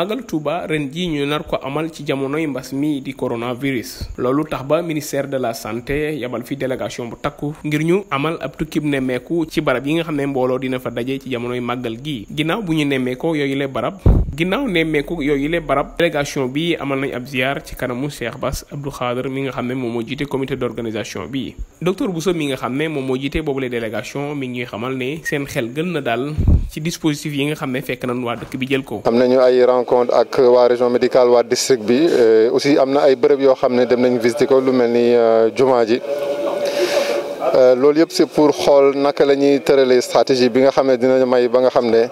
màggal Touba ren jii ñu nar ko amal ci jamonoy mbas mii di coronavirus loolu tax ba ministère de la santé yabal fi délégation bu takku ngir ñu amal ab tukkib nemmeeku ci barab yi nga xam ne mbooloo dina fa daje ci jamonoy màggal gii ginnaaw bu ñu nemmeekoo yooyu le barab ginnaaw nemmeeku yooyu le barab délégation bi amal nañ ab ziar ci kanamu Cheikh Bass Abdou Khadre mi nga xam ne moom moo jiite comité d'organisation bi docteur Bousso mi nga xam ne moom moo jiite boobule délégation mi ngi xamal ne seen xel gën na daal ci dispositif yi nga xam ne fekk nañ waa dëkk bi jël ko. am nañu ay rencontre ak waa région médicale waa district bi aussi am na ay bërëb yoo xam ne dem nañ visiter ko lu mel ni euh, jumaa ji. Euh, loolu yëpp si pour xool naka la ñuy tëralee stratégie bi nga xam ne dinañu may ba nga xam ne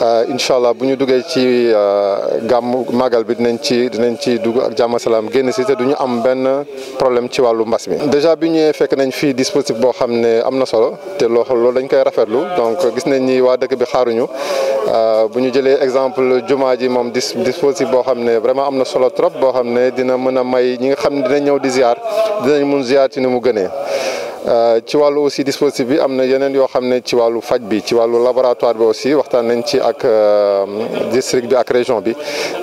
euh, incha allah bu ñu duggee ci euh, gàmm màggal bi dinañ ci dinañ ci dugg ak jàmm salaam génn si te du ñu am benn problème ci wàllu mbas mi. déjà bi ñëwee fekk nañ fii dispositif boo xam ne am na solo te loo loolu dañ koy rafetlu donc gis nañ ni waa dëkk bi xaaruñu bu ñu jëlee exemple jumaa ji moom dis dispositif boo xam ne vraiment am na solo trop boo xam ne dina mën a may ñi nga xam ne dinañ ñëw di ziar dinañ mun ziar ci ni mu gënee. Euh, ci wàllu aussi dispositif bi am na yeneen yoo xam ne ci wàllu faj bi ci wàllu laboratoire bi aussi waxtaan nañ ci ak euh, district bi ak région bi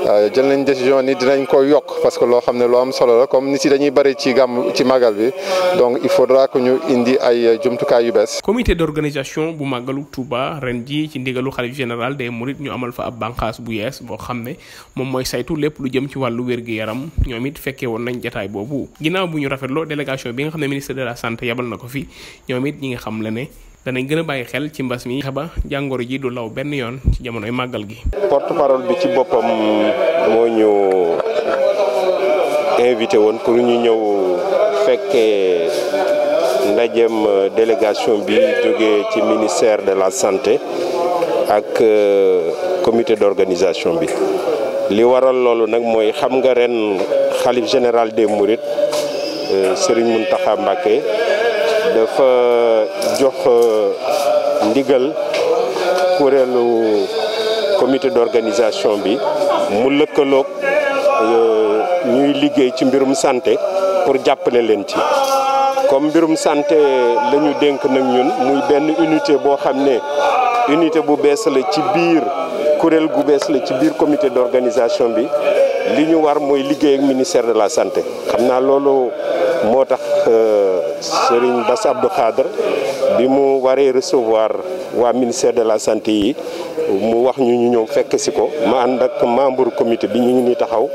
euh, jël nañ décision ni dinañ ko yokk parce que loo xam ne loo am solo la comme nit yi dañuy bëri ci gàmm ci màggal bi donc il faudra que ñu indi ay jumtukaay yu bees. comité d'organisation bu màggalu Touba ren ji ci ndigalu xalif général des mourides ñu amal fa ab bànqaas bu yees boo xam ne moom mooy saytu lépp lu jëm ci wàllu wér-gu-yaram ñoom it fekkee woon nañ jataay boobu ginnaaw bu ñu rafetloo délégation bi nga xam tegoon na ko fi ñoom it ñi nga xam la ne danañ gën a bàyyi xel ci mbas mi. xeba jàngoro ji du law benn yoon ci jamonoy màggal gi. porte parole bi ci boppam moo ñu invité woon pour ñu ñëw fekkee ndajem délégation bi jógee ci ministère de la santé ak euh, comité d'organisation bi. li waral loolu nag mooy xam nga ren xalif général des Mourides euh, Serigne Mountakha Mbacké dafa euh, jox euh, ndigal kuréelu comité d'organisation bi mu lëkkalook euh, ñuy liggéey ci mbirum santé pour jàppale leen ci comme mbirum santé lañu dénk nag ñun muy benn unité boo xam ne unité bu beesale ci biir kuréel gu bees la ci biir comité d'organisation bi li ñu war mooy liggéey ak ministère de la santé xam naa loolu moo tax euh, Serigne Bass Abdou Khadre bi mu waree recevoir waa ministère de la santé yi mu wax ñu ñu ñëw fekk si ko ma ànd ak membre comité bi ñu ngi taxaw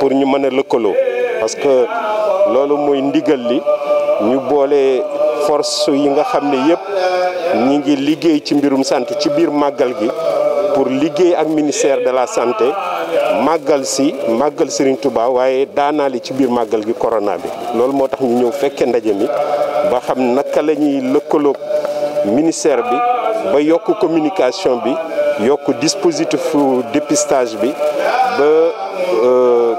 pour ñu mën a lëkkaloo parce que loolu mooy ndigal li ñu boole force yi nga xam ne yëpp ñu ngi liggéey ci mbirum santé ci biir màggal gi pour liggéey ak ministère de la santé màggal si màggal Serigne Touba waaye daanaali ci biir màggal bi corona bi loolu moo tax ñu ñëw fekkee ndaje mi ba xam naka la ñuy ministère bi ba yokk communication bi yokk dispositif dépistage bi ba euh,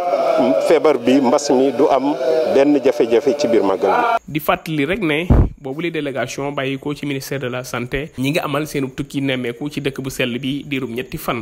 feebar bi mbas mi du am benn jafe-jafe ci biir màggal bi. di fàttali rek ne. boobu la délégation bàyyi ko ci ministère de la santé ñi ngi amal seen tukki nemmeeku ci dëkk bu sell bi diirum ñetti fan